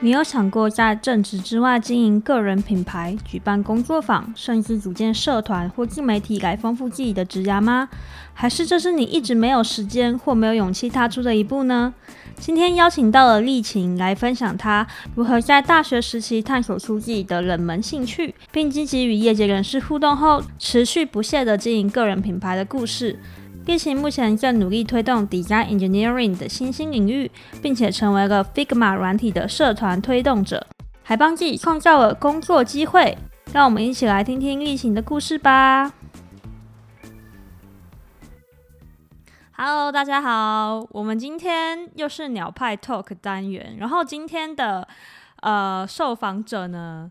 你有想過在正職之外經營個人品牌、舉辦工作坊，甚至組建社團或自媒體來豐富自己的職涯嗎？還是這是你一直沒有時間或沒有勇氣踏出的一步呢？今天邀請到了立秦來分享她如何在大學時期探索出自己的冷門興趣，並積極與業界人士互動後，持續不懈的經營個人品牌的故事。立秦目前正努力推動 Design engineering 的新興領域，並且成為了 Figma 軟體的社團推動者，還幫自己創造了工作機會。讓我們一起來聽聽立秦的故事吧。Hello，大家好，我們今天又是鳥派 Talk 單元，然後今天的呃受訪者呢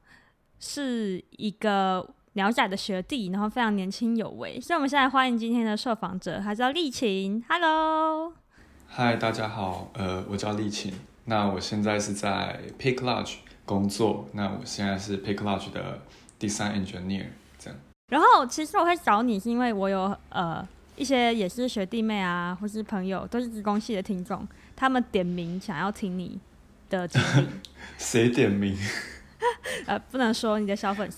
是一個。鳥仔的學弟，然後非常年輕有為，所以我們現在歡迎今天的受訪者，他叫立秦。Hello，Hi 大家好，呃，我叫立秦。那我現在是在 Pick Lodge 工作，那我現在是 Pick Lodge 的 Design engineer。這樣，然後其實我會找你，是因為我有呃一些也是學弟妹啊，或是朋友，都是職工系的聽眾，他們點名想要聽你的。誰 點名？呃，不能說你的小粉絲。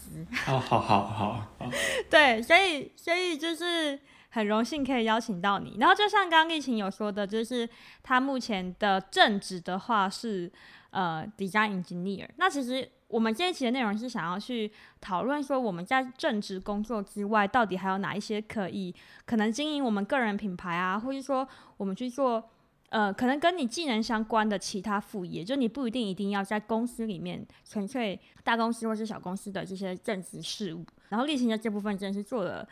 哦 ，oh, 好，好，好，好。 對，所以，所以就是很榮幸可以邀請到你。然後，就像剛剛立秦有說的，就是他目前的正職的話是呃，design engineer。那其實我們這一期的內容是想要去討論說，我們在正職工作之外，到底還有哪一些可以可能經營我們個人品牌啊，或者說我們去做。呃，可能跟你技能相關的其他副業，就你不一定一定要在公司裡面，純粹大公司或是小公司的這些正職事務。然後立秦在這部分真的是做了，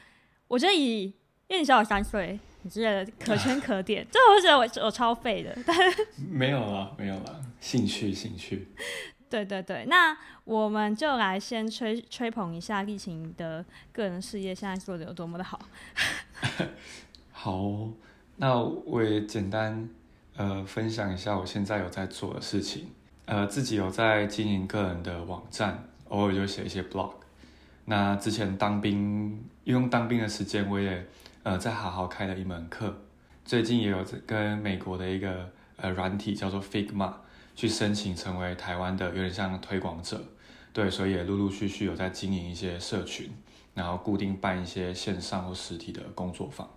我覺得以，因為你小我三歲，你之類的可圈可點。真的、啊，我覺得我我超廢的，但沒有了，沒有了，興趣興趣。對對對，那我們就來先吹吹捧一下立秦的個人事業，現在做的有多麼的好。啊、好、哦，那我也簡單。呃，分享一下我現在有在做的事情。呃，自己有在經營個人的網站，偶爾就寫一些 blog。那之前當兵，用當兵的時間，我也呃在好好開了一門課。最近也有跟美國的一個呃軟體叫做 Figma 去申請成為台灣的有點像推廣者。對，所以也陸陸續續有在經營一些社群，然後固定辦一些線上或實體的工作坊。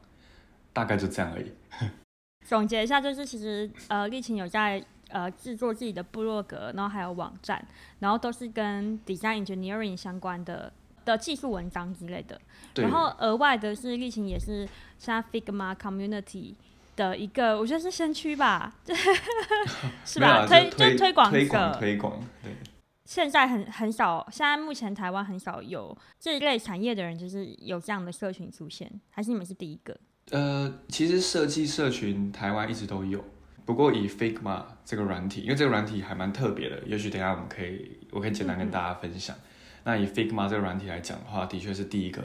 大概就這樣而已。 總結一下，就是其實呃，立秦有在呃製作自己的部落格，然後還有網站，然後都是跟 design engineering 相關的的技術文章之類的。對然後額外的是，立秦也是像 Figma Community 的一個，我覺得是先驅吧， 是吧？推就是推廣，一個推廣廣。推推廣對，現在很很少，現在目前台灣很少有這一類產業的人，就是有這樣的社群出現，還是你們是第一個？呃，其實設計社群台灣一直都有，不過以 Figma 這個軟體，因為這個軟體還蠻特別的，也許等一下我們可以，我可以簡單跟大家分享。嗯、那以 Figma 這個軟體來講的話，的確是第一個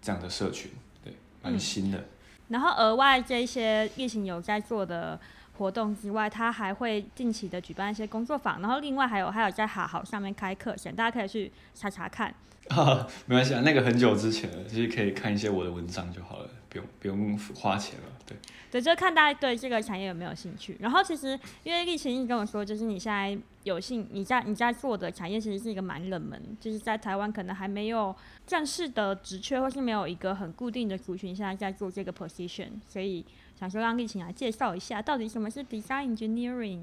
這樣的社群，對，蠻新的。嗯、然後額外這一些夜行有在做的。活動之外，他還會定期的舉辦一些工作坊，然後另外還有還有在好好上面開課程，大家可以去查查看。啊，沒關係啊，那個很久之前了，就是可以看一些我的文章就好了，不用不用花錢了。對對，就看大家對這個產業有沒有興趣。然後其實因為立秦你跟我說，就是你現在有幸你在你在做的產業其實是一個蠻冷門，就是在台灣可能還沒有正式的職缺或是沒有一個很固定的族群現在在做這個 position，所以。想說讓立秦來介紹一下，到底什麼是 design engineering。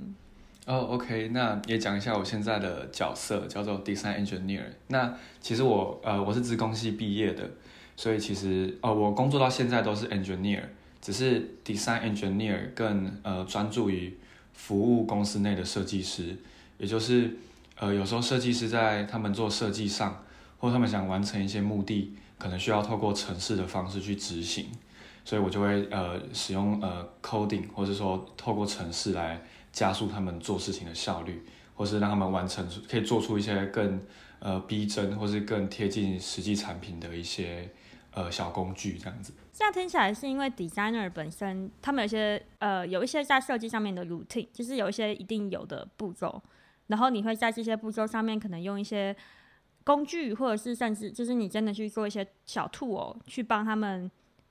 哦、oh，OK，那也講一下我現在的角色叫做 design engineer 那。那其實我呃我是資工系畢業的，所以其實呃我工作到現在都是 engineer，只是 design engineer 更呃專注於服務公司內的設計師，也就是呃有時候設計師在他們做設計上，或他們想完成一些目的，可能需要透過程式的方式去執行。所以我就會呃使用呃 coding 或是說透過程式，來加速他們做事情的效率，或是讓他們完成可以做出一些更呃逼真，或是更貼近實際產品的一些呃小工具這樣子。這樣聽起來是因為 designer 本身他們有些呃有一些在設計上面的 routine，就是有一些一定有的步驟，然後你會在這些步驟上面可能用一些工具，或者是甚至就是你真的去做一些小 tool 去幫他們。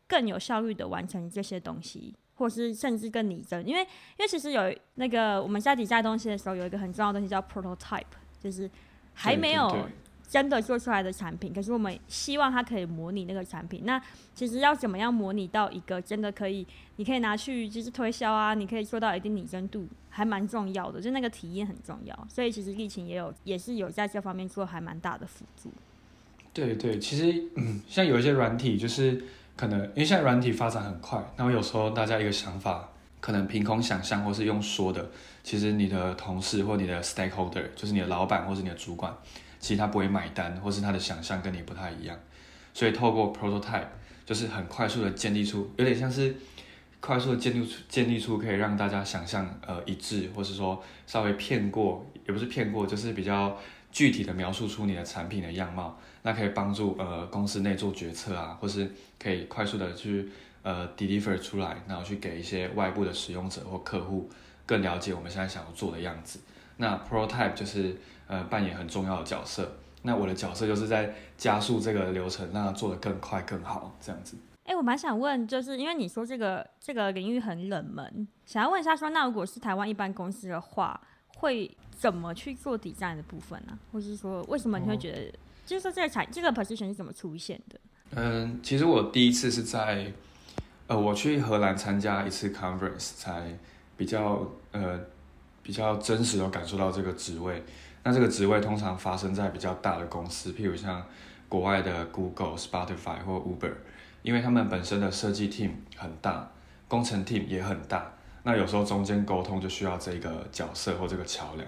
更有效率的完成這些東西，或是甚至更擬真，因為因為其實有那個我們加底下東西的時候，有一個很重要的東西叫 prototype，就是還沒有真的做出來的產品，對對對，可是我們希望它可以模擬那個產品。那其實要怎麼樣模擬到一個真的可以，你可以拿去就是推銷啊，你可以做到一定擬真度，還蠻重要的，就那個體驗很重要。所以其實立秦也有也是有在這方面做還蠻大的輔助。對，對對，其實嗯，像有一些軟體就是。可能因為現在軟體發展很快，那我有時候大家一個想法，可能憑空想象或是用說的，其實你的同事或你的 stakeholder，就是你的老闆或是你的主管，其實他不會買單，或是他的想象跟你不太一樣。所以透過 prototype，就是很快速的建立出，有點像是快速的建立出建立出可以讓大家想象呃一致，或是說稍微騙過，也不是騙過，就是比較。具體的描述出你的產品的樣貌，那可以幫助呃公司內做決策啊，或是可以快速的去呃 deliver 出來，然後去給一些外部的使用者或客戶更了解我們現在想要做的樣子。那 prototype 就是呃扮演很重要的角色。那我的角色就是在加速這個流程，讓它做得更快更好這樣子。誒、欸，我蠻想問，就是因為你說這個這個領域很冷門，想要問一下說，那如果是台灣一般公司的話，會？怎麼去做 design 的部分呢、啊？或是說，為什麼你會覺得，Oh. 就是說這個產這個 position 是怎麼出現的？嗯，其實我第一次是在，呃，我去荷蘭參加一次 conference 才比較呃比較真實的感受到這個職位。那這個職位通常發生在比較大的公司，譬如像國外的 Google、Spotify 或 Uber，因為他們本身的設計 team 很大，工程 team 也很大，那有時候中間溝通就需要這個角色或這個橋梁。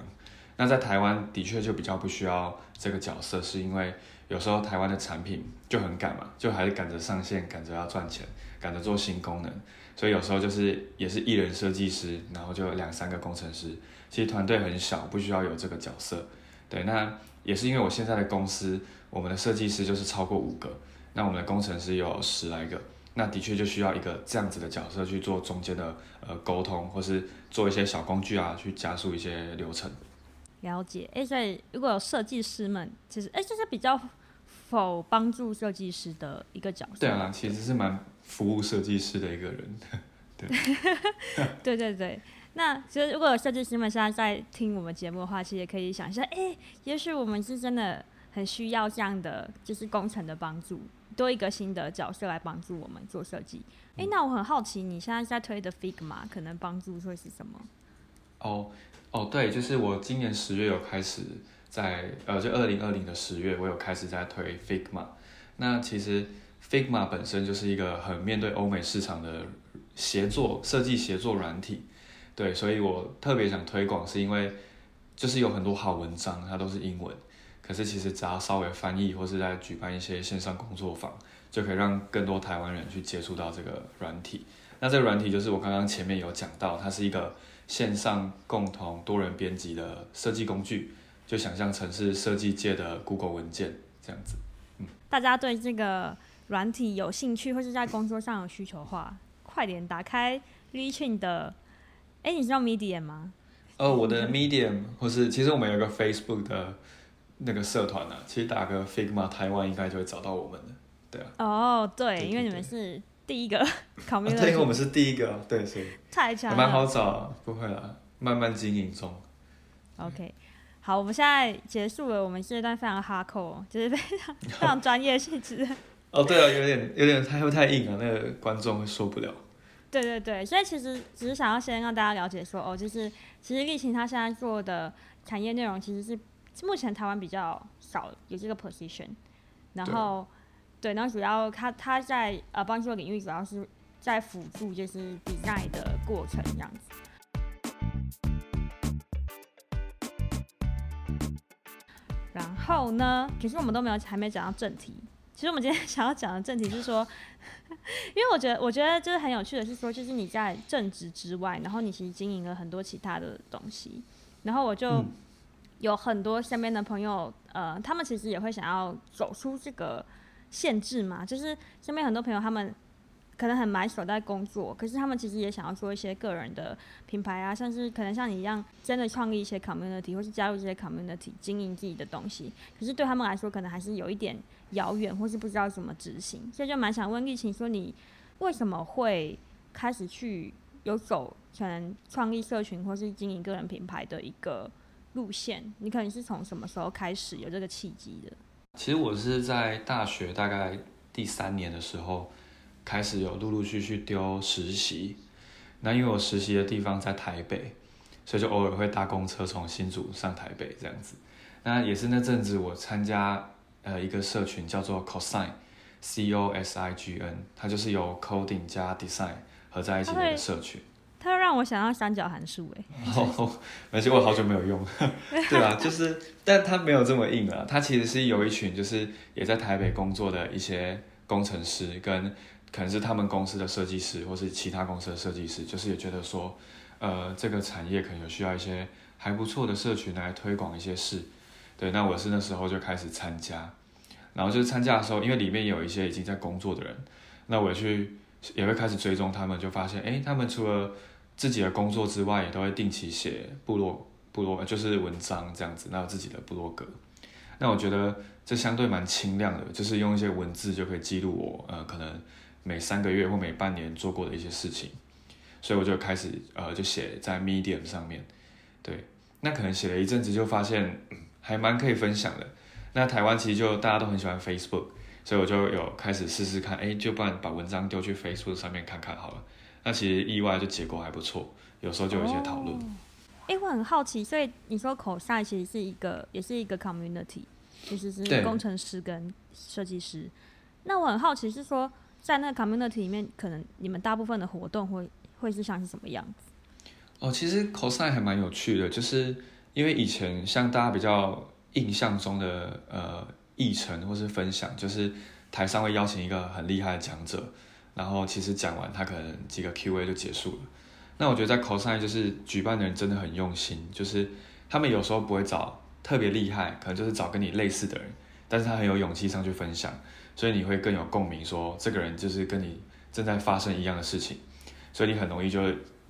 那在台灣的確就比較不需要這個角色，是因為有時候台灣的產品就很趕嘛，就還是趕着上線、趕着要賺錢、趕着做新功能，所以有時候就是也是一人設計師，然後就兩三個工程師，其實團隊很小，不需要有這個角色。對，那也是因為我現在的公司，我們的設計師就是超過五個，那我們的工程師有十來個，那的確就需要一個這樣子的角色去做中間的呃溝通，或是做一些小工具啊，去加速一些流程。了解，哎，所以如果有設計師們，其實哎，這、就是比較否幫助設計師的一個角色。對啊，對其實是蠻服務設計師的一個人，對。 對對對 那其實如果有設計師們現在在聽我們節目的話，其實也可以想一下，哎，也許我們是真的很需要這樣的就是工程的幫助，多一個新的角色來幫助我們做設計。哎、嗯，那我很好奇，你現在在推的 Figma 可能幫助會是什麼？哦。哦，oh, 對，就是我今年十月有開始在，呃，就二零二零的十月，我有開始在推 Figma。那其實 Figma 本身就是一個很面對歐美市場的協作設計協作軟體，對，所以我特別想推廣，是因為就是有很多好文章，它都是英文，可是其實只要稍微翻譯或是在舉辦一些線上工作坊，就可以讓更多台灣人去接觸到這個軟體。那這個軟體就是我剛剛前面有講到，它是一個。線上共同多人編輯的設計工具，就想象成是設計界的 Google 文件這樣子。嗯，大家對這個軟體有興趣，或是在工作上有需求的話， 快點打開 Reachin 的。哎、欸，你知道 Medium 嗎？哦，我的 Medium 或是，其實我們有個 Facebook 的那個社團啊，其實打個 Figma 台灣應該就會找到我們了。對啊。哦，對，對對對，因為你們是。第一個，啊、考對，因為我們是第一個，對，是，太強，蠻好找，啊，不會了，慢慢經營中。OK，好，我們現在結束了，我們這一段非常哈扣，就是非常，哦，非常專業性質。哦，對了，哦，有點有點太不太硬了，啊，那個觀眾會受不了。對對對，所以其實只是想要先讓大家了解說，哦，就是其實立秦他現在做的產業內容其實是目前台灣比較少有這個 position，然後。對，然後主要他他在呃、啊，幫助領域主要是在輔助，就是 design 的過程這樣子。然後呢，其實我們都沒有還沒講到正題。其實我們今天想要講的正題是說，因為我覺得我覺得就是很有趣的是說，就是你在正職之外，然後你其實經營了很多其他的東西。然後我就有很多身邊的朋友，呃，他們其實也會想要走出這個。限制嘛，就是身邊很多朋友，他們可能很埋首在工作，可是他們其實也想要做一些個人的品牌啊，甚至可能像你一樣真的創立一些 community 或是加入這些 community 經營自己的東西。可是對他們來說，可能還是有一點遙遠或是不知道怎麼執行。所以就蠻想問立秦說，你為什麼會開始去有走可能創立社群或是經營個人品牌的一個路線？你可能是從什麼時候開始有這個契機的？其實我是在大學大概第三年的時候，開始有陸陸續續丟實習。那因為我實習的地方在台北，所以就偶爾會搭公車從新竹上台北這樣子。那也是那陣子我參加呃一個社群叫做 CoSign，C O S I G N，它就是由 Coding 加 Design 合在一起的一個社群。Oh, hey. 他讓我想到三角函數哎，哦，後而且我好久沒有用，對啊，就是， 但他沒有這麼硬了、啊。他其實是有一群，就是也在台北工作的一些工程師，跟可能是他們公司的設計師，或是其他公司的設計師，就是也覺得說，呃，這個產業可能有需要一些還不錯的社群來推廣一些事。對，那我是那時候就開始參加，然後就是參加的時候，因為裡面有一些已經在工作的人，那我去。也會開始追蹤他們，就發現誒，他們除了自己的工作之外，也都會定期寫部落部落就是文章這樣子，那有自己的部落格。那我覺得這相對蠻輕量的，就是用一些文字就可以記錄我呃可能每三個月或每半年做過的一些事情。所以我就開始呃就寫在 Medium 上面，對，那可能寫了一陣子就發現、嗯、還蠻可以分享的。那台灣其實就大家都很喜歡 Facebook。所以我就有開始試試看，哎、欸，就不然把文章丟去 Facebook 上面看看好了。那其實意外的結就結果還不錯，有時候就有一些討論。哎、哦、欸，我很好奇，所以你說 Cosine 其實是一個，也是一個 community，其實是工程師跟設計師。對那我很好奇，是說在那個 community 裡面，可能你們大部分的活動會會是像是什麼樣子？哦，其實 Cosine 還蠻有趣的，就是因為以前像大家比較印象中的呃。議程或是分享，就是台上會邀請一個很厲害的講者，然後其實講完他可能幾個 Q&A 就結束了。那我覺得在 Cosign 就是舉辦的人真的很用心，就是他們有時候不會找特別厲害，可能就是找跟你類似的人，但是他很有勇氣上去分享，所以你會更有共鳴說，說這個人就是跟你正在發生一樣的事情，所以你很容易就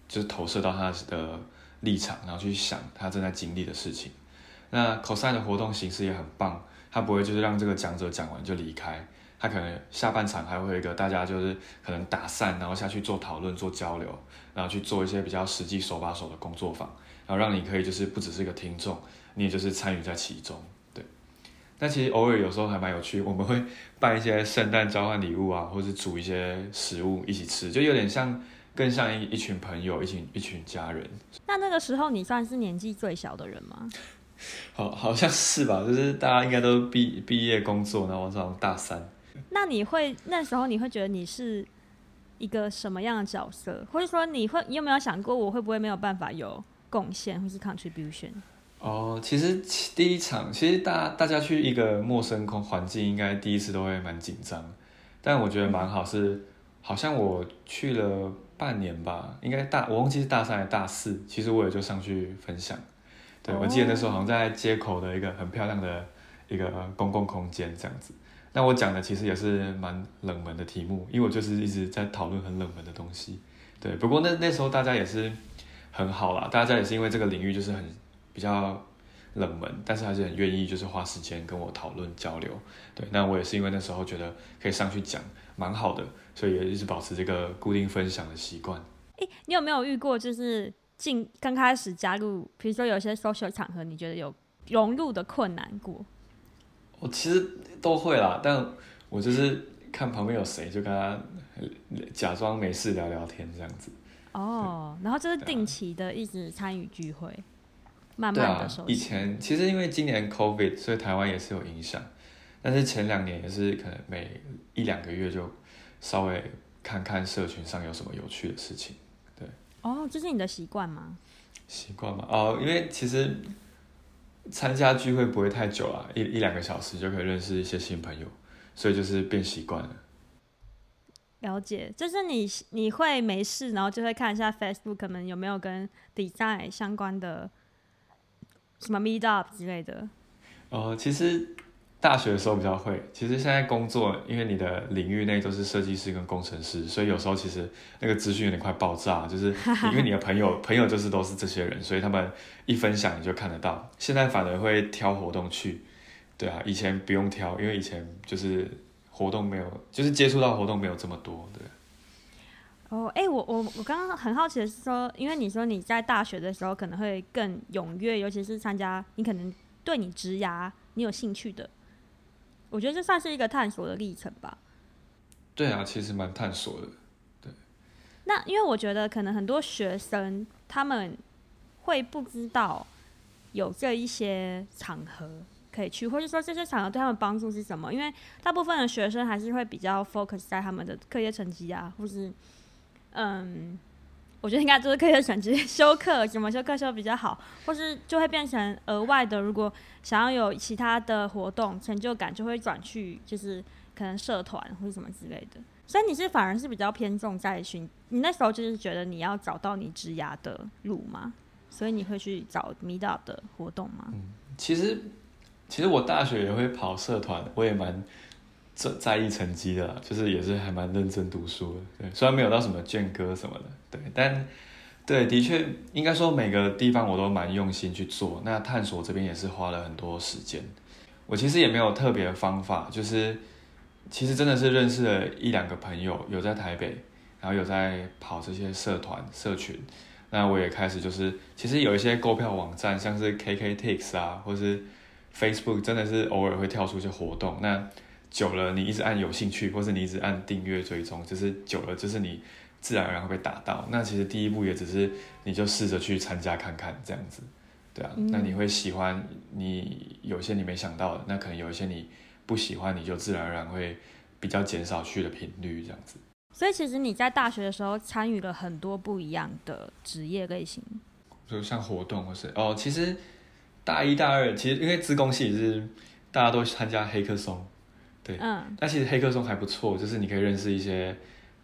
就投射到他的立場，然後去想他正在經歷的事情。那 Cosign 的活動形式也很棒。他不會就是讓這個講者講完就離開，他可能下半場還會有一個大家就是可能打散，然後下去做討論、做交流，然後去做一些比較實際手把手的工作坊，然後讓你可以就是不只是一個聽眾，你也就是參與在其中。對，但其實偶爾有時候還蠻有趣，我們會辦一些聖誕交換禮物啊，或是煮一些食物一起吃，就有點像更像一一群朋友、一群、一群家人。那那個時候你算是年紀最小的人嗎？好，好像是吧，就是大家應該都畢畢業工作，然後往上大三。那你會那時候你會覺得你是一個什麼樣的角色，或者說你會你有沒有想過我會不會沒有辦法有貢獻或是 contribution？哦、呃，其實其第一場其實大家大家去一個陌生空環境，應該第一次都會蠻緊張，但我覺得蠻好是，是好像我去了半年吧，應該大我忘記是大三還是大四，其實我也就上去分享。我記得那時候好像在街口的一個很漂亮的一個公共空間這樣子。那我講的其實也是蠻冷門的題目，因為我就是一直在討論很冷門的東西。對，不過那那時候大家也是很好啦，大家也是因為這個領域就是很比較冷門，但是還是很願意就是花時間跟我討論交流。對，那我也是因為那時候覺得可以上去講蠻好的，所以也一直保持這個固定分享的習慣。誒，你有沒有遇過就是？進剛開始加入，比如說有些 social 場合，你覺得有融入的困難過？我、哦、其實都會啦，但我就是看旁邊有誰，就跟他假裝沒事聊聊天這樣子。哦，嗯、然後就是定期的一直參與聚會，啊、慢慢的、啊。以前其實因為今年 COVID，所以台灣也是有影響，但是前兩年也是可能每一兩個月就稍微看看社群上有什麼有趣的事情。哦，這、就是你的習慣嗎？習慣嘛，哦、呃，因為其實參加聚會不會太久啊？一一兩個小時就可以認識一些新朋友，所以就是變習慣了。了解，就是你你會沒事，然後就會看一下 Facebook，可能有沒有跟 design 相關的什麼 Meet Up 之類的。哦、呃，其實。大學的時候比較會，其實現在工作，因為你的領域內都是設計師跟工程師，所以有時候其實那個資訊有點快爆炸，就是因為你的朋友， 朋友就是都是這些人，所以他們一分享你就看得到。現在反而會挑活動去，對啊，以前不用挑，因為以前就是活動沒有，就是接觸到活動沒有這麼多，對。哦，哎、欸，我我我剛剛很好奇的是說，因為你說你在大學的時候可能會更踴躍，尤其是參加你可能對你職涯你有興趣的。我覺得這算是一個探索的歷程吧。對啊，其實蠻探索的。對。那因為我覺得可能很多學生他們會不知道有這一些場合可以去，或是說這些場合對他們幫助是什麼？因為大部分的學生還是會比較 focus 在他們的課業成績啊，或是嗯。我覺得應該就是可以選修課，什麼修課修比較好，或是就會變成額外的。如果想要有其他的活動，成就感就會轉去，就是可能社團或者什麼之類的。所以你是反而是比較偏重在尋，你那時候就是覺得你要找到你職涯的路嗎？所以你會去找迷島的活動嗎？嗯，其實其實我大學也會跑社團，我也蠻。在在意成績的，就是也是還蠻認真讀書的，對，雖然沒有到什麼卷哥什麼的，對，但對的確應該說每個地方我都蠻用心去做。那探索這邊也是花了很多時間，我其實也沒有特別的方法，就是其實真的是認識了一兩個朋友，有在台北，然後有在跑這些社團社群，那我也開始就是其實有一些購票網站，像是 KKTix 啊，或是 Facebook，真的是偶爾會跳出一些活動，那。久了，你一直按有興趣，或是你一直按訂閱追蹤，就是久了，就是你自然而然會被打到。那其實第一步也只是你就試着去參加看看這樣子，對啊。嗯。那你會喜歡你有些你沒想到的，那可能有一些你不喜歡，你就自然而然會比較減少去的頻率這樣子。所以其實你在大學的時候參與了很多不一樣的職業類型，就像活動或是哦，其實大一大二其實因為資工系是大家都參加黑客松。對，嗯，但其實黑客松還不錯，就是你可以認識一些，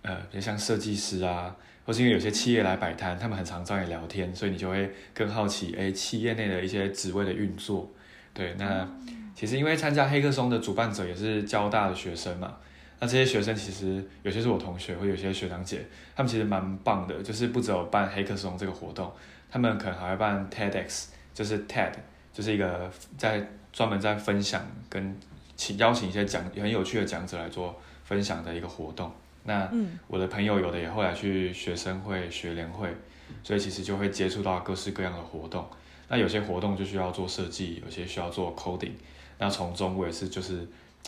呃，比如像設計師啊，或是因為有些企業來擺攤，他們很常找你聊天，所以你就會更好奇，哎，企業內的一些職位的運作。對，那其實因為參加黑客松的主辦者也是交大的學生嘛，那這些學生其實有些是我同學，或有些學長姐，他們其實蠻棒的，就是不只有辦黑客松這個活動，他們可能還會辦 TEDx，就是 TED，就是一個在專門在分享跟。請邀請一些講很有趣的講者來做分享的一個活動。那我的朋友有的也後來去學生會、學聯會，所以其實就會接觸到各式各樣的活動。那有些活動就需要做設計，有些需要做 coding。那從中我也是就是，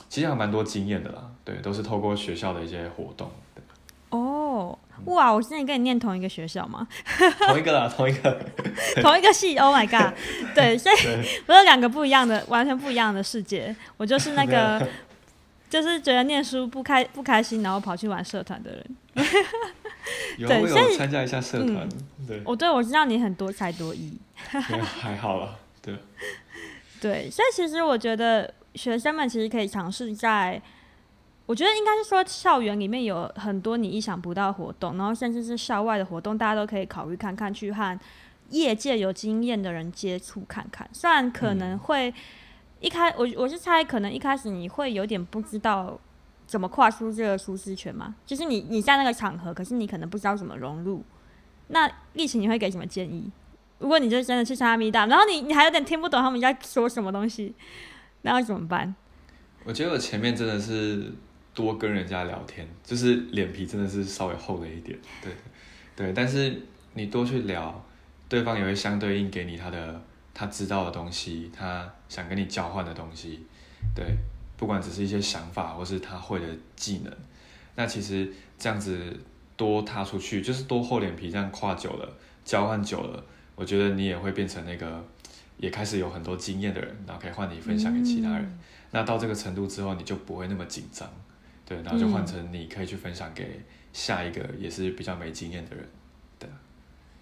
其實還有蠻多經驗的啦。對，都是透過學校的一些活動。哇！我現在跟你念同一個學校嗎？ 同一個啦，同一個，同一個系。Oh my god！對，所以我是兩個不一樣的，對完全不一樣的世界。我就是那個，了就是覺得念書不開不開心，然後跑去玩社團的人。以後我參加一下社團。嗯、對，我對，我知道你很多才多藝。 還好啦，對。對，所以其實我覺得學生們其實可以嘗試在。我覺得應該是說，校園裡面有很多你意想不到的活動，然後甚至是校外的活動，大家都可以考慮看看，去和業界有經驗的人接觸看看。雖然可能會一開，我、嗯、我是猜可能一開始你會有點不知道怎麼跨出這個舒適圈嘛，就是你你在那個場合，可是你可能不知道怎麼融入。那立秦你會給什麼建議？如果你就真的去上阿米大，然後你你還有點聽不懂他們在說什麼東西，那要怎麼辦？我覺得我前面真的是。多跟人家聊天，就是臉皮真的是稍微厚了一點，對，對，但是你多去聊，對方也會相對應給你他的他知道的東西，他想跟你交換的東西，對，不管只是一些想法或是他會的技能，那其實這樣子多踏出去，就是多厚臉皮這樣跨久了，交換久了，我覺得你也會變成那個也開始有很多經驗的人，然後可以換你分享給其他人，嗯、那到這個程度之後，你就不會那麼緊張。對，然後就換成你可以去分享給下一個也是比較沒經驗的人，嗯、對、啊，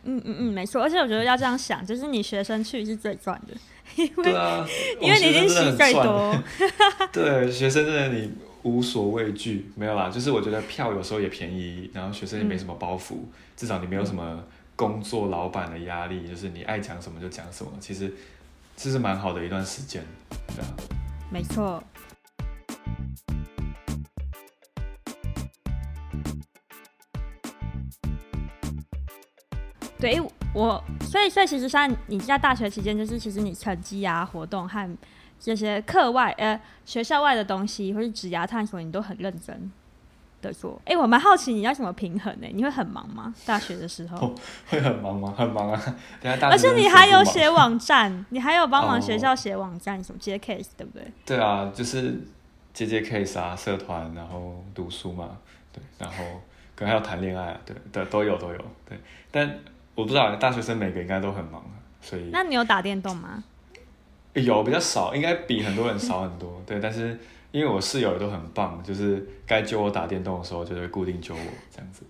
嗯嗯嗯，沒錯。而且我覺得要這樣想，就是你學生去是最賺的，因為對、啊、因為你已經洗最多。 對，學生真的你無所畏懼，沒有啦。就是我覺得票有時候也便宜，然後學生也沒什麼包袱，嗯、至少你沒有什麼工作老闆的壓力，就是你愛講什麼就講什麼。其實這是蠻好的一段時間，對啊。沒錯。對，我所以所以其實像你在大學期間，就是其實你成績啊、活動和這些課外呃學校外的東西，或是職涯探索，你都很認真的做。哎、欸，我蠻好奇你要什麼平衡呢、欸？你會很忙嗎？大學的時候、哦、會很忙嗎？很忙啊！等下大學忙，而且你還有寫網站， 你還有幫忙學校寫網站，哦、什麼接 case 對不對？對啊，就是接接 case 啊，社團，然後讀書嘛，對，然後可能還要談戀愛、啊，對，都 都有都有，對，但。我不知道，大學生每個應該都很忙，所以那你有打電動嗎？欸、有比較少，應該比很多人少很多， 對。但是因為我室友都很棒，就是該揪我打電動的時候，就是固定揪我這樣子。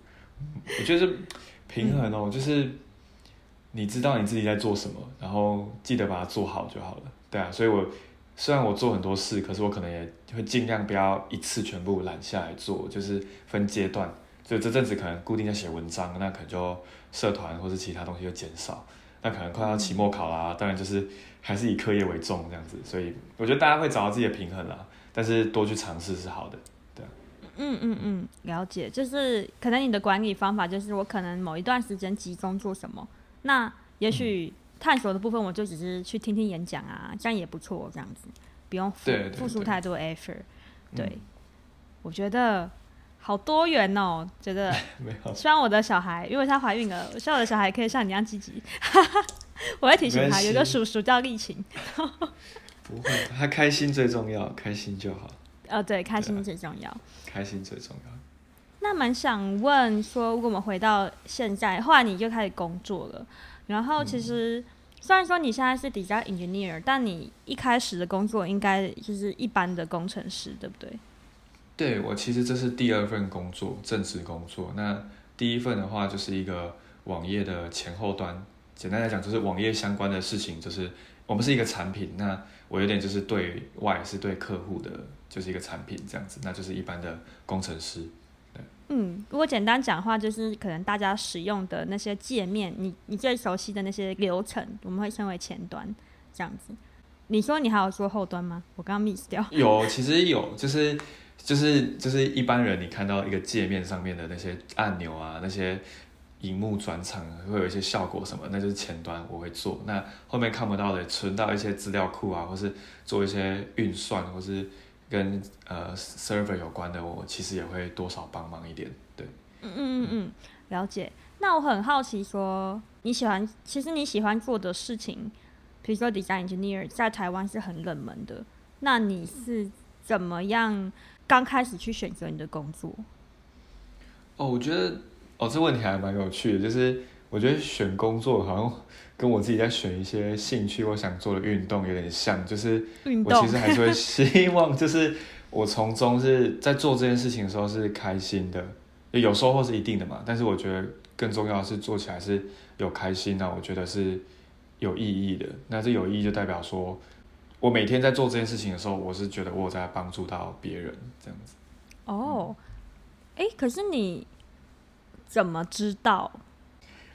我覺得是平衡哦， 就是你知道你自己在做什麼，然後記得把它做好就好了，對啊。所以我雖然我做很多事，可是我可能也會盡量不要一次全部攬下來做，就是分階段。所以這陣子可能固定在寫文章，那可能就。社團或是其他東西又減少，那可能快要期末考啦。嗯、當然就是還是以課業為重這樣子，所以我覺得大家會找到自己的平衡啦。但是多去嘗試是好的，對。嗯嗯嗯，了解。就是可能你的管理方法就是我可能某一段時間集中做什麼，那也許探索的部分我就只是去聽聽演講啊，嗯、這樣也不錯，這樣子不用付，對對對，付出太多 effort。對，嗯、我覺得。好多元哦，覺得。沒有。希望我的小孩，因為她懷孕了，希望我的小孩可以像你一樣積極。哈哈。我會提醒她有個叔叔叫立秦，呵呵不會，她開心最重要，開心就好。呃、哦，對，開心最重要。啊、開心最重要。那蠻想問說，如果我們回到現在，後來你就開始工作了，然後其實、嗯、雖然說你現在是比較 engineer，但你一開始的工作應該就是一般的工程師，對不對？對，我其實這是第二份工作，正式工作。那第一份的話就是一個網頁的前後端，簡單來講就是網頁相關的事情，就是我們是一個產品。那我有點就是對外是對客戶的，就是一個產品這樣子，那就是一般的工程師。嗯，如果簡單講的話，就是可能大家使用的那些界面，你你最熟悉的那些流程，我們會稱為前端這樣子。你說你還有做後端嗎？我剛 miss 掉。有，其實有，就是。就是就是一般人，你看到一個界面上面的那些按鈕啊，那些熒幕轉場會有一些效果什麼，那就是前端我會做。那後面看不到的，存到一些資料庫啊，或是做一些運算，或是跟呃 server 有關的，我其實也會多少幫忙一點。對，嗯嗯嗯嗯，嗯了解。那我很好奇說，說你喜歡，其實你喜歡做的事情，比如說 Design Engineer，在台灣是很冷門的，那你是怎麼樣？剛開始去選擇你的工作。哦，我覺得，哦，這問題還蠻有趣的，就是我覺得選工作好像跟我自己在選一些興趣或想做的運動有點像，就是我其實還是會希望，就是我從中是在做這件事情的時候是開心的，有收穫是一定的嘛，但是我覺得更重要的是做起來是有開心的啊，我覺得是有意義的，那這有意義就代表說。我每天在做這件事情的時候，我是覺得我在幫助到別人這樣子。哦，哎、嗯欸，可是你怎麼知道？啊、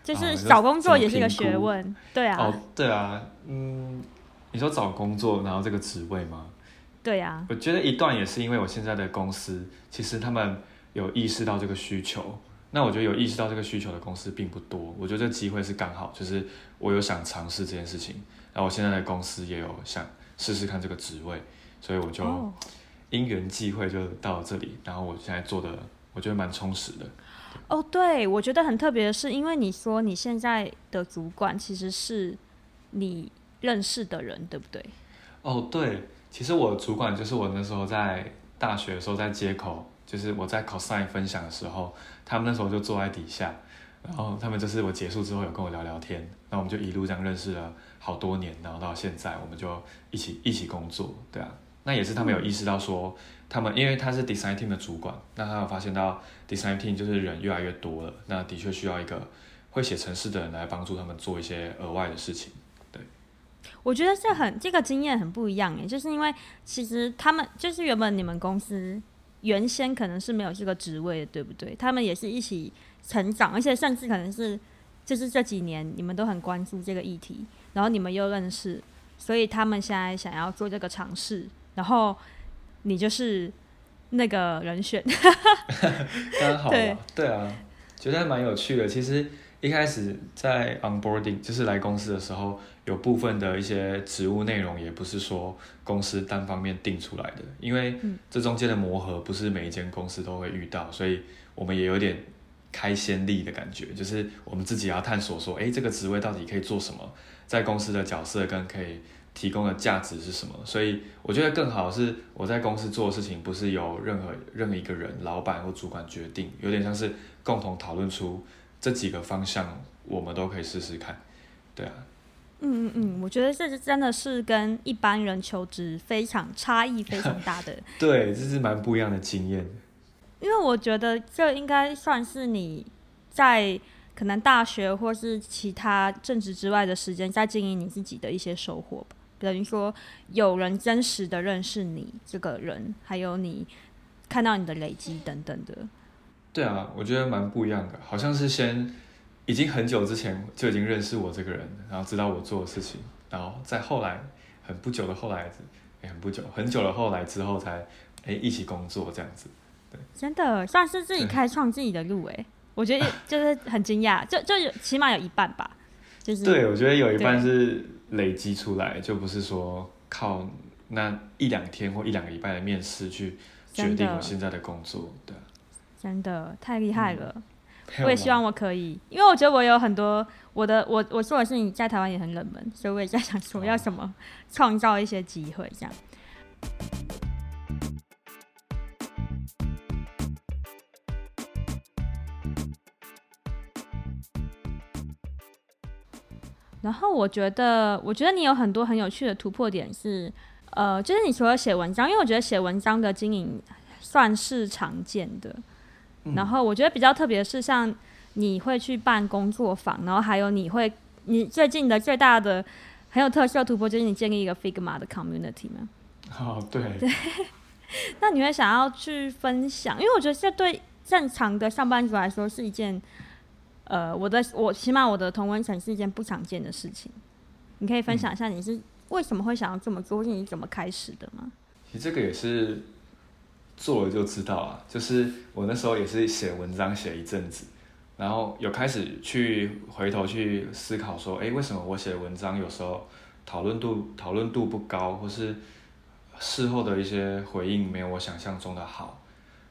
就是找工作也是一個學問，對啊。哦，對啊，嗯，你說找工作然後這個職位嗎？對啊，我覺得一段也是因為我現在的公司其實他們有意識到這個需求，那我覺得有意識到這個需求的公司並不多。我覺得這機會是剛好，就是我有想嘗試這件事情，然後我現在的公司也有想。試試看這個職位，所以我就因緣際會就到這裡，哦、然後我現在做的我覺得蠻充實的。哦，對，我覺得很特別的是，因為你說你現在的主管其實是你認識的人，對不對？哦，對，其實我主管就是我那時候在大學的時候在街口，就是我在 cosine 分享的時候，他們那時候就坐在底下，然後他們就是我結束之後有跟我聊聊天，那我們就一路這樣認識了。好多年，然後到現在，我們就一起一起工作，對啊。那也是他們有意識到說，他們因為他是 design team 的主管，那他有發現到 design team 就是人越來越多了，那的確需要一個會寫程式的人來幫助他們做一些額外的事情，對。我覺得這很這個經驗很不一樣哎，就是因為其實他們就是原本你們公司原先可能是沒有這個職位的，對不對？他們也是一起成長，而且甚至可能是就是這幾年你們都很關注這個議題。然後你們又認識，所以他們現在想要做這個嘗試，然後你就是那個人選， 剛好啊，對，對啊，覺得還蠻有趣的。其實一開始在 onboarding，就是來公司的時候，有部分的一些職務內容也不是說公司單方面定出來的，因為這中間的磨合不是每一間公司都會遇到，所以我們也有點。開先例的感覺，就是我們自己要探索說，誒，這個職位到底可以做什麼，在公司的角色跟可以提供的價值是什麼。所以我覺得更好是我在公司做的事情，不是由任何任何一個人、老闆或主管決定，有點像是共同討論出這幾個方向，我們都可以試試看。對啊，嗯嗯嗯，我覺得這是真的是跟一般人求職非常差異非常大的， 對，這是蠻不一樣的經驗。因為我覺得這應該算是你在可能大學或是其他正職之外的時間，在經營你自己的一些收穫吧。等於說，有人真實的認識你這個人，還有你看到你的累積等等的。對啊，我覺得蠻不一樣的。好像是先已經很久之前就已經認識我這個人，然後知道我做的事情，然後再後來很不久的後來，哎、很不久很久的後來之後才，才、哎、誒一起工作這樣子。對真的算是自己開創自己的路哎。對我覺得就是很驚訝， 就就有起碼有一半吧，就是對，我覺得有一半是累積出來，對就不是說靠那一兩天或一兩個禮拜的面試去決定我現在的工作，的對，真的太厲害了，嗯、我也希望我可以，嗎因為我覺得我有很多我的我我做的事情在台灣也很冷門，所以我也在想說要什麼創造一些機會這樣。嗯然後我覺得，我覺得你有很多很有趣的突破點是，呃，就是你除了寫文章，因為我覺得寫文章的經營算是常見的。嗯、然後我覺得比較特別是，像你會去辦工作坊，然後還有你會，你最近的最大的很有特色的突破就是你建立一個 Figma 的 Community 嘛？哦，對。對。 那你會想要去分享，因為我覺得這對正常的上班族來說是一件。呃，我的我起碼我的同溫層是一件不常見的事情，你可以分享一下你是、嗯、為什麼會想要這麼做，或是你怎麼開始的嗎？其實這個也是做了就知道了，就是我那時候也是寫文章寫了一陣子，然後有開始去回頭去思考說，哎，為什麼我寫文章有時候討論度討論度不高，或是事後的一些回應沒有我想象中的好？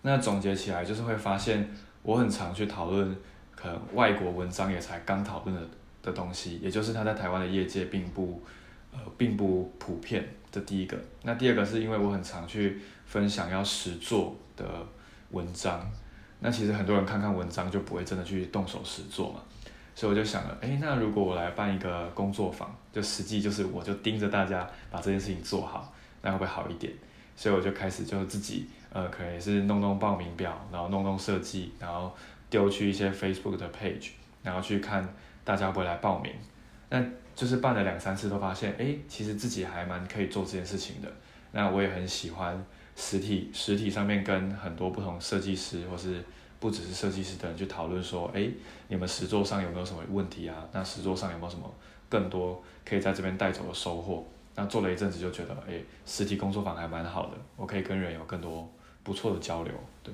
那總結起來就是會發現，我很常去討論。可能外國文章也才剛討論的的東西，也就是它在台灣的業界並不呃並不普遍。這第一個，那第二個是因為我很常去分享要實作的文章，那其實很多人看看文章就不會真的去動手實作嘛，所以我就想了，誒，那如果我來辦一個工作坊，就實際就是我就盯着大家把這件事情做好，那會不會好一點？所以我就開始就自己呃可能也是弄弄報名表，然後弄弄設計，然後。丟去一些 Facebook 的 page，然後去看大家會不會來報名，那就是辦了兩三次都發現，哎，其實自己還蠻可以做這件事情的。那我也很喜歡實體，實體上面跟很多不同設計師，或是不只是設計師的人去討論說，哎，你們實作上有沒有什麼問題啊？那實作上有沒有什麼更多可以在這邊帶走的收穫？那做了一陣子就覺得，哎，實體工作坊還蠻好的，我可以跟人有更多不錯的交流。對，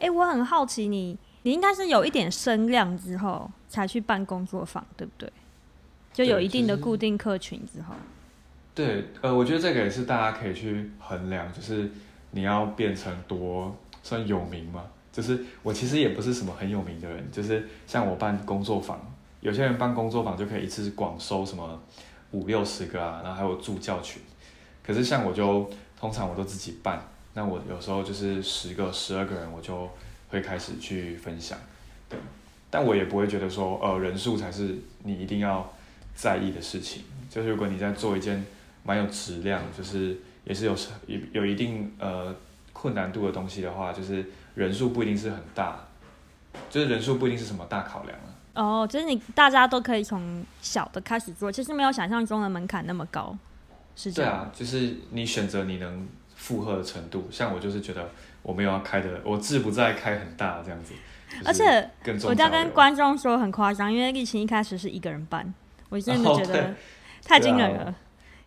哎，我很好奇你。你應該是有一點聲量之後才去辦工作坊，對不對？就有一定的固定客群之後對。對，呃，我覺得這個也是大家可以去衡量，就是你要變成多算有名嘛？就是我其實也不是什麼很有名的人，就是像我辦工作坊，有些人辦工作坊就可以一次廣收什麼五六十個啊，然後還有助教群。可是像我就通常我都自己辦，那我有時候就是十個、十二個人我就。會開始去分享，對，但我也不會覺得說，呃，人數才是你一定要在意的事情。就是如果你在做一件蠻有質量，就是也是有有有一定呃困難度的東西的話，就是人數不一定是很大，就是人數不一定是什麼大考量哦，啊，oh, 就是你大家都可以從小的開始做，其實沒有想象中的門檻那麼高，是這樣。對啊，就是你選擇你能負荷的程度。像我就是覺得。我沒有要開的，我志不在開很大這樣子。就是、而且我這樣跟觀眾說很誇張，因為疫情一開始是一個人辦，我真的覺得太驚人了。哦啊、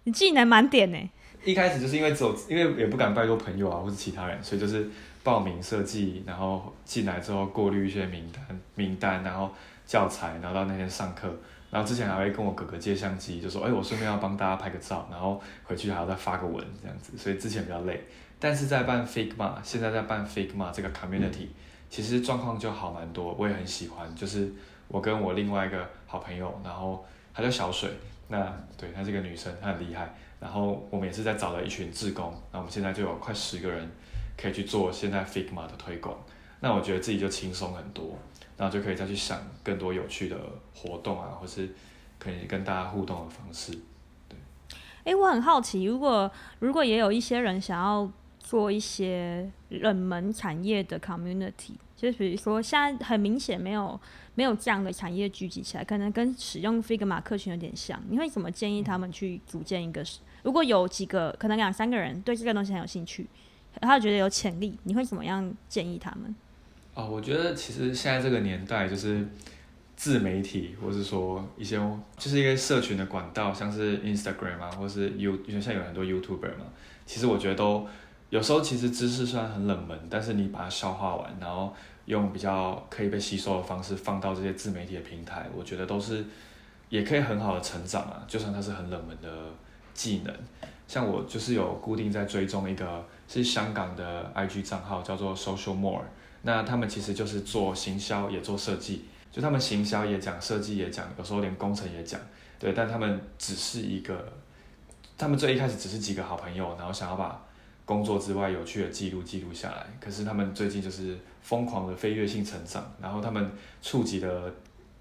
你技能滿點呢？一開始就是因為走，因為也不敢拜託朋友啊，或者其他人，所以就是報名設計，然後進來之後過濾一些名單，名單，然後教材，然後到那天上課，然後之前還會跟我哥哥借相機，就說哎、欸，我順便要幫大家拍個照，然後回去還要再發個文這樣子，所以之前比較累。但是在辦 Figma，現在在辦 Figma 這個 community，其實狀況就好蠻多，我也很喜歡。就是我跟我另外一個好朋友，然後她叫小水，那對，她是個女生，她很厲害。然後我們也是在找了一群志工，那我們現在就有快十個人可以去做現在 Figma 的推廣。那我覺得自己就輕鬆很多，然後就可以再去想更多有趣的活動啊，或是可以跟大家互動的方式。對，哎、欸，我很好奇，如果如果也有一些人想要。做一些冷門產業的 community，就是比如說現在很明顯沒有沒有這樣的產業聚集起來，可能跟使用 Figma 客群有點像。你會怎麼建議他們去組建一個？嗯、如果有幾個，可能兩三個人對這個東西很有興趣，他覺得有潛力，你會怎麼樣建議他們？哦，我覺得其實現在這個年代，就是自媒體，或是說一些就是一些社群的管道，像是 Instagram 啊，或是 You，因為現在有很多 YouTuber 嘛，其實我覺得都。有時候其實知識，雖然很冷門，但是你把它消化完，然後用比較可以被吸收的方式放到這些自媒體的平台，我覺得都是也可以很好的成長啊。就算它是很冷門的技能，像我就是有固定在追蹤一個是香港的 IG 賬號，叫做 Social More。那他們其實就是做行銷也做設計，就他們行銷也講，設計也講，有時候連工程也講。對，但他們只是一個，他們最一開始只是幾個好朋友，然後想要把。工作之外有趣的記錄記錄下來，可是他們最近就是瘋狂的飛躍性成長，然後他們觸及的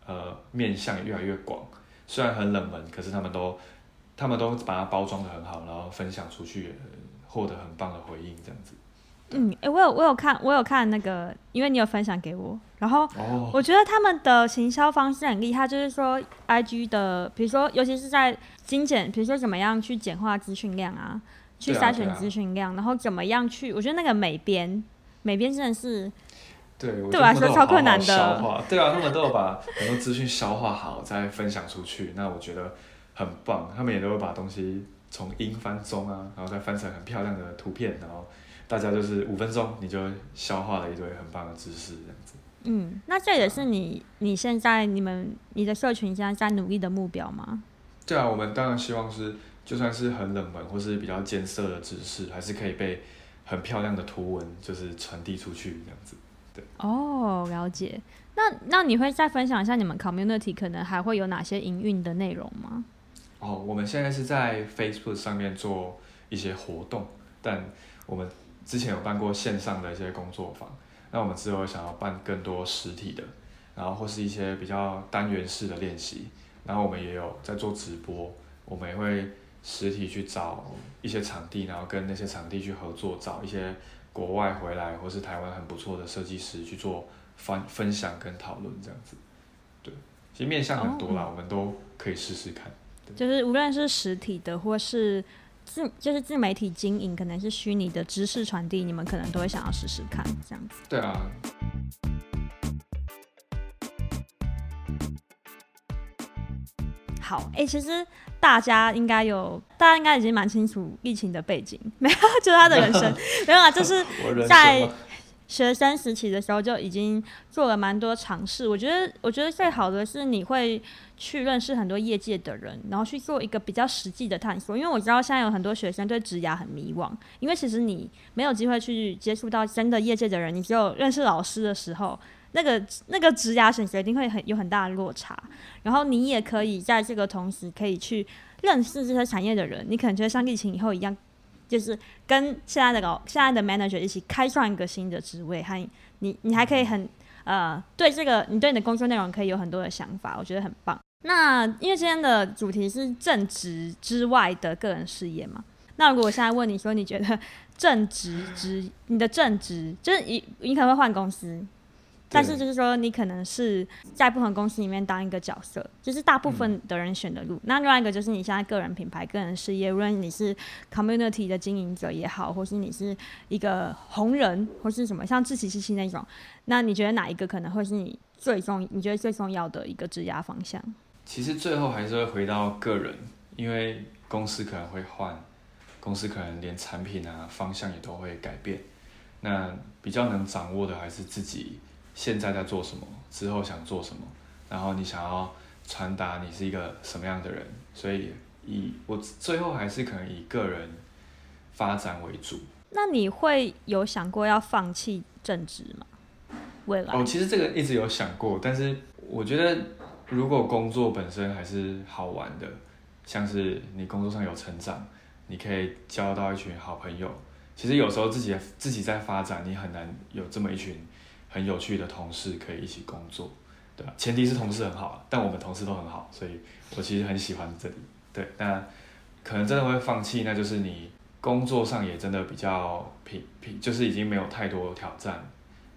呃面向也越來越廣，雖然很冷門，可是他們都他們都把它包裝得很好，然後分享出去，獲得很棒的回應，這樣子。嗯，誒、欸，我有我有看我有看那個，因為你有分享給我，然後我覺得他們的行銷方式很厲害，就是說 I G 的，比如說尤其是在精簡，比如說怎麼樣去簡化資訊量啊。去篩選資訊量，啊啊、然後怎麼樣去，我覺得那個美編，美編真的是，對對、啊、我來說、啊、超困難的。對啊，那麼都有把很多資訊消化好 再分享出去，那我覺得很棒。他們也都會把東西從英翻中啊，然後再翻成很漂亮的圖片，然後大家就是五分鐘你就消化了一堆很棒的知識，這樣子。嗯，那這也是你你現在你們你的社群現在在努力的目標嗎？對啊，我們當然希望是。就算是很冷門或是比較艱澀的知識，還是可以被很漂亮的圖文就是傳遞出去這樣子。對哦，了解。那那你會再分享一下你們 community 可能還會有哪些營運的內容嗎？哦，我們現在是在 Facebook 上面做一些活動，但我們之前有辦過線上的一些工作坊。那我們之後想要辦更多實體的，然後或是一些比較單元式的練習。然後我們也有在做直播，我們也會。實體去找一些場地，然後跟那些場地去合作，找一些國外回來或是台灣很不錯的設計師去做分分享跟討論這樣子。對，其實面向很多啦，哦，我們都可以試試看。就是無論是實體的，或是自就是自媒體經營，可能是虛擬的知識傳遞，你們可能都會想要試試看這樣子。對啊。好，哎、欸，其實大家應該有，大家應該已經蠻清楚立秦的背景，沒有？就是他的人生，沒有啊？就是在學生時期的時候就已經做了蠻多嘗試。我覺得，我覺得最好的是你會去認識很多業界的人，然後去做一個比較實際的探索。因為我知道現在有很多學生對職涯很迷惘，因為其實你沒有機會去接觸到真的業界的人，你只有認識老師的時候。那個那個職涯選擇一定會很有很大的落差，然後你也可以在這個同時可以去認識這些產業的人，你可能就像疫情以後一樣，就是跟現在的搞現在的 manager 一起開創一個新的職位，還你你還可以很呃對這個你對你的工作內容可以有很多的想法，我覺得很棒。那因為今天的主題是正職之外的個人事業嘛，那如果我現在問你說，你覺得正職職你的正職就是你你可能會換公司。但是就是說，你可能是在不同公司裡面當一個角色，就是大部分的人選的路。嗯、那另外一個就是你現在個人品牌、個人事業，無論你是 community 的經營者也好，或是你是一個紅人或是什麼，像志祺七七那種，那你覺得哪一個可能會是你最重？你覺得最重要的一個職涯方向？其實最後還是會回到個人，因為公司可能會換，公司可能連產品啊方向也都會改變。那比較能掌握的還是自己。現在在做什麼？之後想做什麼？然後你想要傳達你是一個什麼樣的人？所以以我最後還是可能以個人發展為主。那你會有想過要放棄正職嗎？未來哦，其實這個一直有想過，但是我覺得如果工作本身還是好玩的，像是你工作上有成長，你可以交到一群好朋友。其實有時候自己自己在發展，你很難有這麼一群。很有趣的同事可以一起工作，對吧？前提是同事很好，但我們同事都很好，所以我其實很喜歡這裡。對，那可能真的會放棄，那就是你工作上也真的比較平平，就是已經沒有太多挑戰，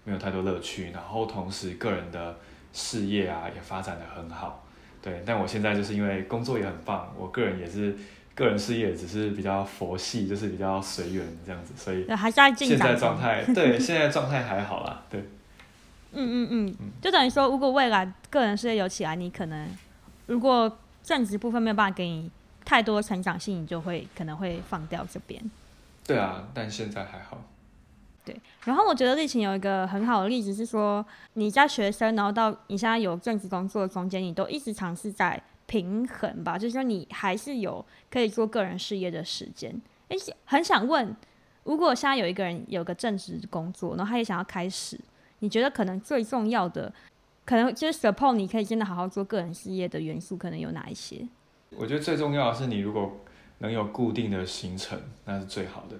沒有太多樂趣。然後同時個人的事業啊也發展的很好，對。但我現在就是因為工作也很棒，我個人也是個人事業只是比較佛系，就是比較隨緣這樣子，所以現在狀態對，現在狀態還好啦，對。嗯嗯嗯，就等於說，如果未來個人事業有起來，嗯、你可能如果正職部分沒有辦法給你太多成長性，你就會可能會放掉這邊。對啊，但現在還好。對，然後我覺得立秦有一個很好的例子是說，你家學生，然後到你現在有正職工作的中間，你都一直嘗試在平衡吧，就是說你還是有可以做個人事業的時間。誒、欸，很想問，如果現在有一個人有個正職工作，然後他也想要開始。你覺得可能最重要的，可能就是 support 你可以真的好好做個人事業的元素，可能有哪一些？我覺得最重要的是，你如果能有固定的行程，那是最好的。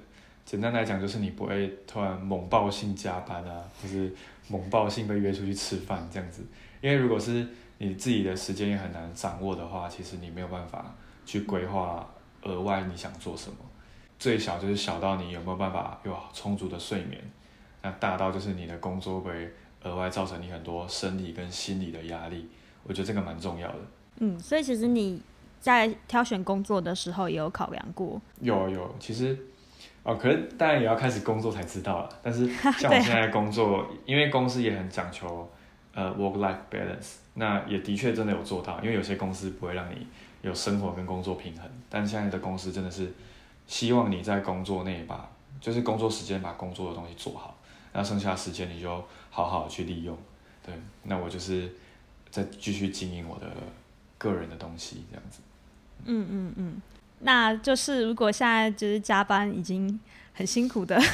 簡單來講，就是你不會突然猛爆性加班啊，或是猛爆性被約出去吃飯這樣子。因為如果是你自己的時間也很難掌握的話，其實你沒有辦法去規劃額外你想做什麼。最小就是小到你有沒有辦法有充足的睡眠。那大到就是你的工作會額外造成你很多生理跟心理的壓力，我覺得這個蠻重要的。嗯，所以其實你在挑選工作的時候也有考量過？有有，其實哦，可是當然也要開始工作才知道了。但是像我現在工作， 啊、因為公司也很講求呃 work life balance，那也的確真的有做到。因為有些公司不會讓你有生活跟工作平衡，但現在的公司真的是希望你在工作內把就是工作時間把工作的東西做好。那剩下時間你就好好去利用，對，那我就是再繼續經營我的個人的東西這樣子。嗯嗯嗯，那就是如果現在就是加班已經很辛苦的。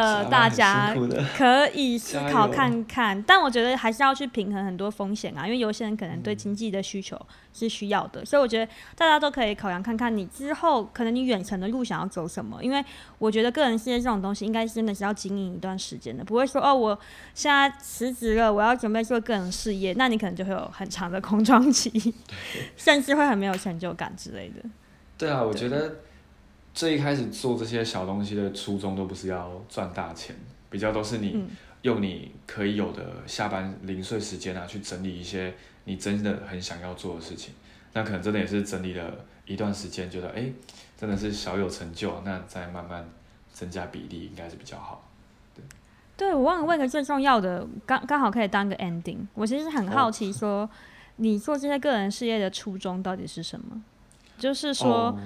的大家可以思考看看，油但我覺得還是要去平衡很多風險啊，因為有些人可能對經濟的需求是需要的，嗯，所以我覺得大家都可以考量看看，你之後可能你遠程的路想要走什麼，因為我覺得個人事業這種東西應該是真的是要經營一段時間的，不會說哦，我現在辭職了，我要準備做個人事業，那你可能就會有很長的空窗期，對甚至會很沒有成就感之類的。對啊，對我覺得。最一開始做這些小東西的初衷都不是要賺大錢，比較都是你用你可以有的下班零碎時間啊，嗯、去整理一些你真的很想要做的事情。那可能真的也是整理了一段時間，覺得哎、欸，真的是小有成就，那再慢慢增加比例應該是比較好。對，對我忘了問個最重要的，剛剛好可以當個 ending。我其實是很好奇說，說、Oh. 你做這些個人事業的初衷到底是什麼？就是說，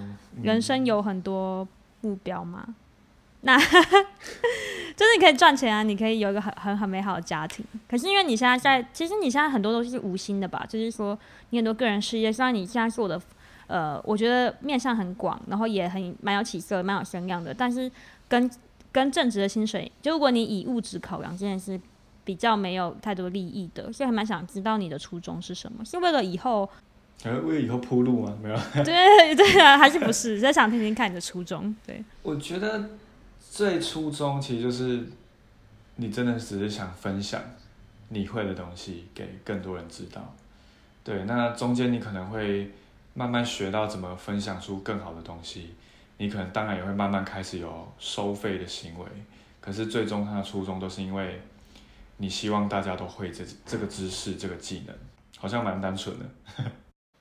人生有很多目標嘛。哦嗯、那 就是你可以賺錢啊，你可以有一個很很很美好的家庭。可是因為你現在在，其實你現在很多都是無心的吧？就是說，你很多個人事業雖然你現在做的，呃，我覺得面向很廣，然後也很蠻有起色，蠻有聲量的。但是跟跟正職的薪水，就如果你以物質考量，真的是比較沒有太多利益的。所以還蠻想知道你的初衷是什麼，是為了以後。想要為以後鋪路嗎？沒有對。對對啊， 還是不是？在想聽聽看你的初衷。對，我覺得最初衷其實就是你真的只是想分享你會的東西給更多人知道。對，那中間你可能會慢慢學到怎麼分享出更好的東西，你可能當然也會慢慢開始有收費的行為。可是最終他的初衷都是因為你希望大家都會這這個知識、這個技能，好像蠻單純的。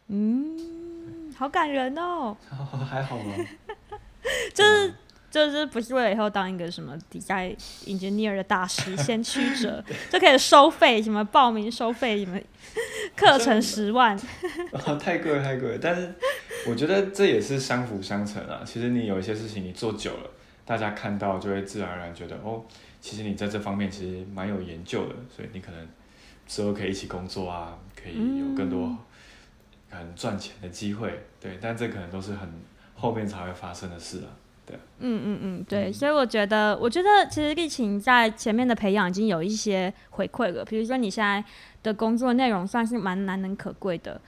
嗯，好感人哦。哦還好還 就是、嗯、就是不是為了以後當一個什麼 design engineer 的大師、先驅者， 就可以收費？什麼報名收費？什麼課程十萬？像 哦、太貴太貴！但是我覺得這也是相輔相成啊。其實你有一些事情你做久了，大家看到就會自然而然覺得哦，其實你在這方面其實蠻有研究的，所以你可能之後可以一起工作啊，可以有更多、嗯。很賺錢的機會，對，但這可能都是很後面才會發生的事了，啊，對。嗯嗯嗯，對，嗯、所以我覺得，我覺得其實立秦在前面的培養已經有一些回饋了，比如說你現在的工作內容算是蠻難能可貴的，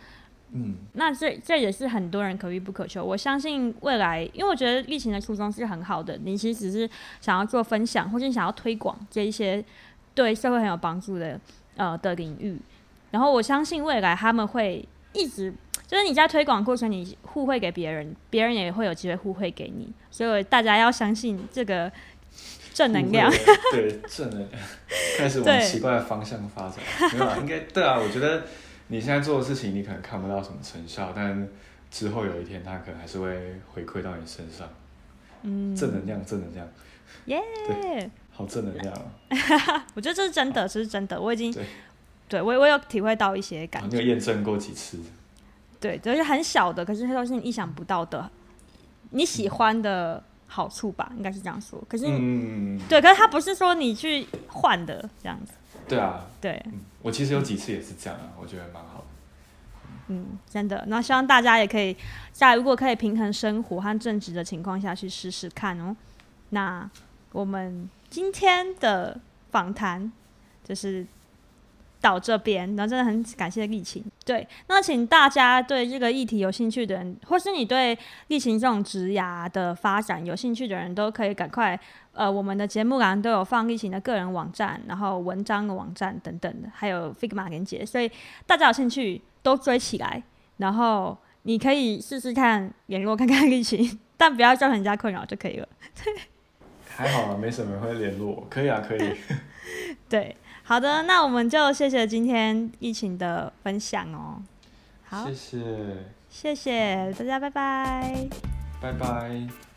嗯，那這這也是很多人可遇不可求。我相信未來，因為我覺得立秦的初衷是很好的，你其實是想要做分享，或者你想要推廣這一些對社會很有幫助的呃的領域，然後我相信未來他們會。一直就是你在推廣過程，你互惠給別人，別人也會有機會互惠給你，所以大家要相信這個正能量。對， 正能量開始往奇怪的方向發展，對沒有啦，應該對啊。我覺得你現在做的事情，你可能看不到什麼成效，但之後有一天，他可能還是會回饋到你身上。嗯，正能量，正能量，耶 Yeah！對，好正能量喔。哈哈，我覺得這是真的，這是真的。我已經。對，我我有體會到一些感覺。那、啊、你有驗證過幾次？對，都、就是很小的，可是都是你意想不到的你喜歡的好處吧，嗯、應該是這樣說。可是，嗯、對，可是他不是說你去換的這樣子。對啊。對，我其實有幾次也是這樣啊，我覺得蠻好的。嗯，真的。那希望大家也可以，在如果可以平衡生活和正職的情況下去試試看哦。那我們今天的訪談就是到這邊，然後真的很感謝立秦。對，那請大家對這個議題有興趣的人，或是你對立秦這種職涯的發展有興趣的人都可以趕快，呃，我們的節目欄都有放立秦的個人網站，然後文章的網站等等的，還有 Figma 連接，所以大家有興趣都追起來，然後你可以試試看聯絡看看立秦，但不要造成人家困擾就可以了。對還好啊，沒什麼人會聯絡，可以啊，可以。 對。好的，那我們就謝謝今天立秦的分享哦。好，謝謝，謝謝大家，拜拜，拜拜。